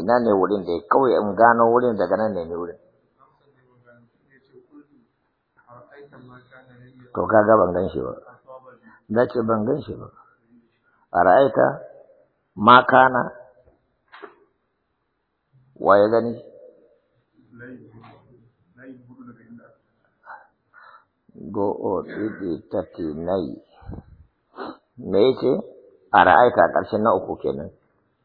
ina ne wurin da kawai in gano wurin daga nan ne ne wurin to kaga ban gan shi ba na ce ban gan shi ba a ra'aita ma kana wa ya gani go o ɗiɗi tati nai me ce a ra'aita ƙarshen na uku kenan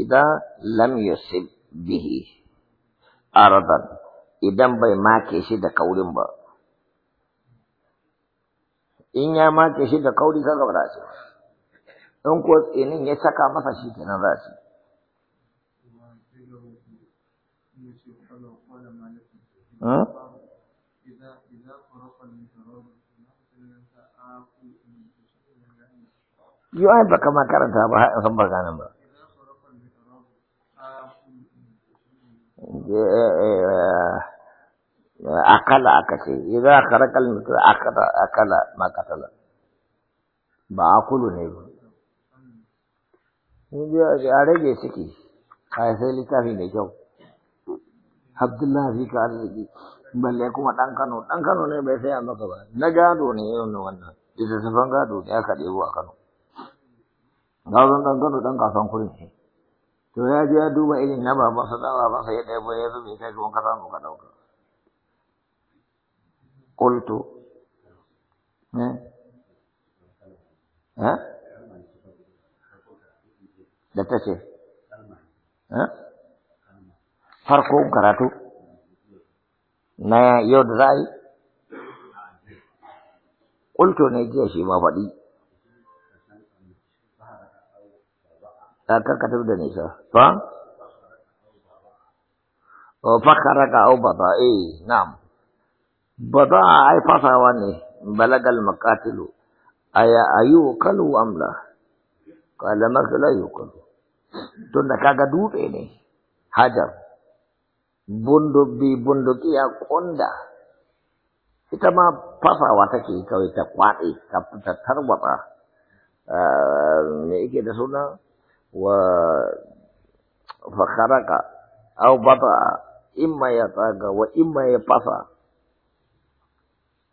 إذا لم يصب به أرضا إذا بي ما كيشي دا قولين با إن يا ما كيشي دا قولي كذا براسي إن كنت إن يساكا ما شي كنا راسي ها؟ إذا ai baka makaranta ba har san baka akala aka ce idan aka rakal mutu akala akala katala ba akulu ne ba a rage ciki a sai littafi mai kyau abdullahi ka arziki balle kuma ɗan kano ɗan kano ne bai sai maka ba na gado ne yau na wannan littattafan gado ne aka ɗebo a kano gazon ɗan kano ɗan kasan kurin to ya je ya duba irin na sa da sa ya ɗaya ya zo bai kai gon kasa mu ka ɗauka eh? eh da ta ce eh? farko karatu na yau da zai qultu ne jiya shi ma faɗi ka kakkatar da nisa fa o oh, fakara ka au bada eh na'am bada ai fasawa ne balagal makatilu aya ayu kalu amla kala masala yukalu tunda kaga dutse ne hajar bi bundu ya konda ita ma fasawa take kawai ta kwaɗe eh, ta tarwatsa me ah, yake da suna وفخرق أو بطأ إما يطاق وإما يطفى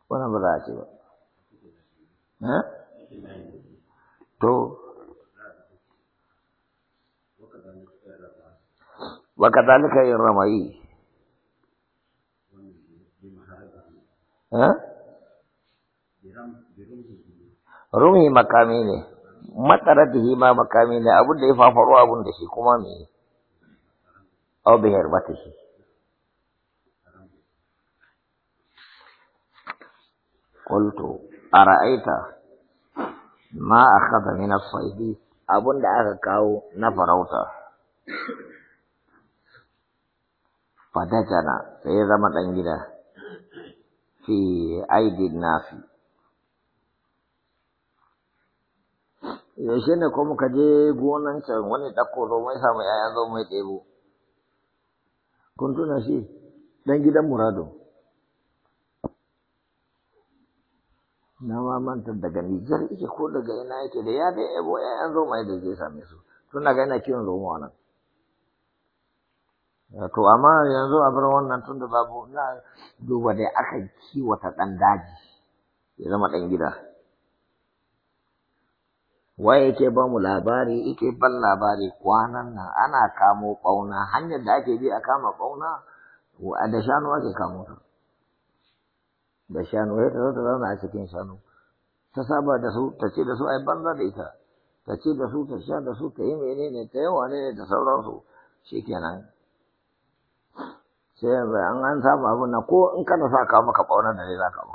wannan ba za a ce ba. To, wa kazalika yin ramayi. makami ne. matsara da shi ma makami ne abin da ya fafaro abin da shi kuma me au bi harbata shi qultu ara'aita ma akhadha min as-sayd abin da aka kawo na farauta fadajana sai zama ɗan gida fi aidin nafi yaushe ne ko muka je gonan can wani ɗakko zo mai samu ‘ya'yan zo mai ɗebo kun tuna shi ɗan gidan murado na ma manta daga nijar yake ko daga ina yake da ya dai ebo ‘ya'yan zo mai da zai same su tuna ga yana kiwon zomo nan to amma yanzu a bar wannan tun da babu na duba dai aka kiwata ɗan daji ya zama ɗan gida Wai yake ba mu labari yake ban labari kwanan nan ana kamo ɓauna hanyar da ake bi a kama ɓauna da shanu ake kamo ta da shanu ya ta zauna a cikin shanu ta saba da su ta ce da su ai banza da ita ta ce da su ta sha da su ta yi menene ta yawa ne da sauransu kenan. sai an an samu abin nan ko in kana sa ka maka ɓauna da ne za ka ba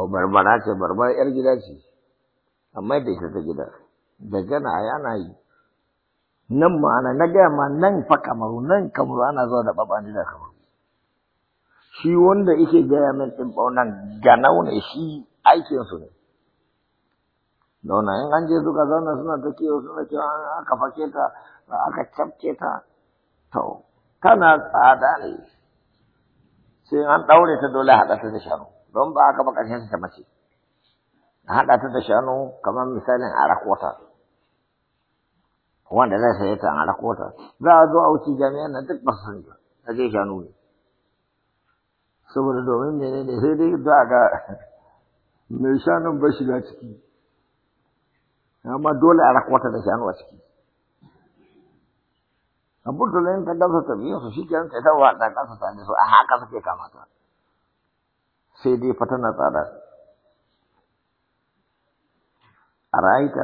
ko barbara ce barbara yar gida ce amma da ita ta gida da gana yana yi nan ma ana na gaya ma nan fa kamaru nan kamaru ana zuwa da babani da kamaru shi wanda yake gaya min ɗin ɓaunan ganau ne shi aikinsu ne Dauna in an je suka zauna suna ta kiyo suna cewa an aka fake ta aka cafke ta to tana tsada ne sai an ɗaure ta dole haɗa ta da shanu don ba aka ba ƙarshen ta mace a haɗa ta da shanu kamar misalin a rakwata wanda zai saye ta a rakwata za a zo a wuce jami'an na duk ba su ba ta je shanu ne saboda domin mene ne sai dai za a ga mai shanun ba shiga ciki amma dole a rakwata da shanu a ciki abin da ta gamsa ta biyu su shi kenan ta yi ta kansa ta su a haka suke kamata سيدي فتنة على أرأيت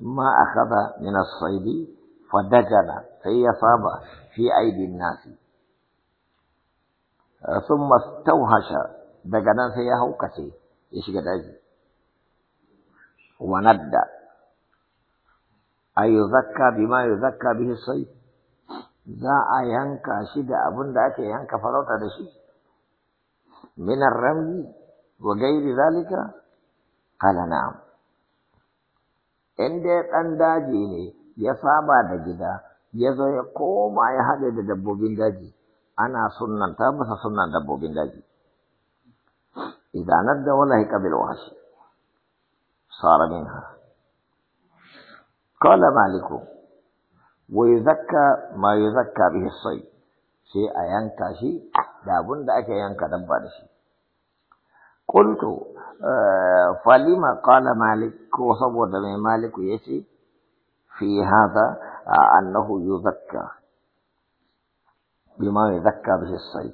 ما أخذ من الصيد فدجن في أصاب في أيدي الناس ثم استوهش دجنا في أهو كسي إيش وندى أي يذكى بما يذكى به الصيد ذا أيانكا شدة أبن ذاك أيانكا فروتا دشي من الرمي وغير ذلك قال نعم عند قنداجي ني يصابا دجدا يزو يقوم اي حد دبو بنداجي انا سنن تاب سنن دبو بنداجي اذا ند ولا هيك بالواشي صار منها قال مالك ويزكى ما يزكى به الصيد sai a yanka shi da abun da ake yanka dabba da shi qultu falima qala malik ko saboda mai maliku yace fi hada annahu yuzakka bima yuzakka bi sai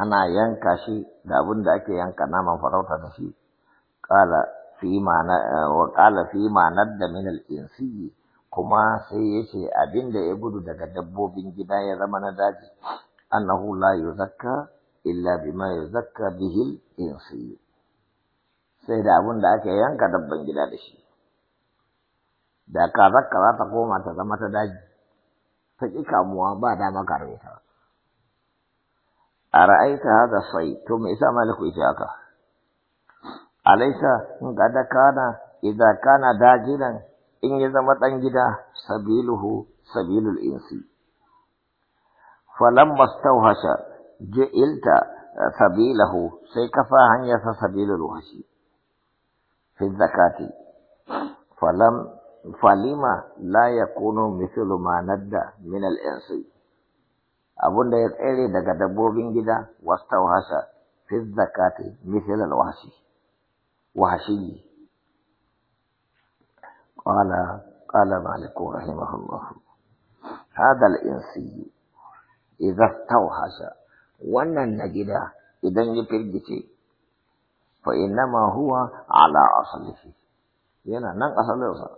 ana yanka shi da abun da ake yanka naman farauta da shi qala fi ma na wa qala fi ma nadda min al-insiyyi kuma sai ya ce abin da ya gudu daga dabbobin gida ya zama na daji annahu la yuzakka illa bima yuzakka bihil insi sai da abin da aka yanka dabban gida da shi da ka zakka za ta koma ta zama ta daji ta ƙi kamuwa ba dama kare ta a ra'aita hada sai to me yasa maliku yace haka alaisa in kada kana idza kana dajilan in ya zama ɗan gida sabiluhu sabilul insi hasha je ilta eh, sabilahu sai kafa hanyarsa sabilul wahshi fi zakati falam falima la yakunu misilu ma nadda min al Abun abunda ya tsere daga dabbobin gida hasha fi zakati misilul al Wahashi قال قال مالك رحمه الله هذا الإنسي إذا استوحش وأن النجدة إذا يبرجتي فإنما هو على أصله هنا نن نعم أصله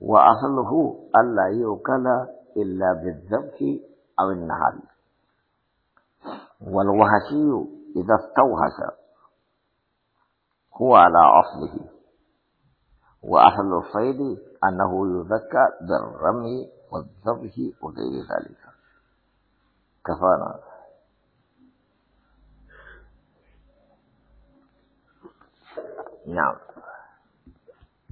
وأصله ألا يوكل إلا بالذبح أو النهار والوهشي إذا استوحش هو على أصله وأهل الصيد أنه يذكى بالرمي والذبح وغير ذلك كفانا نعم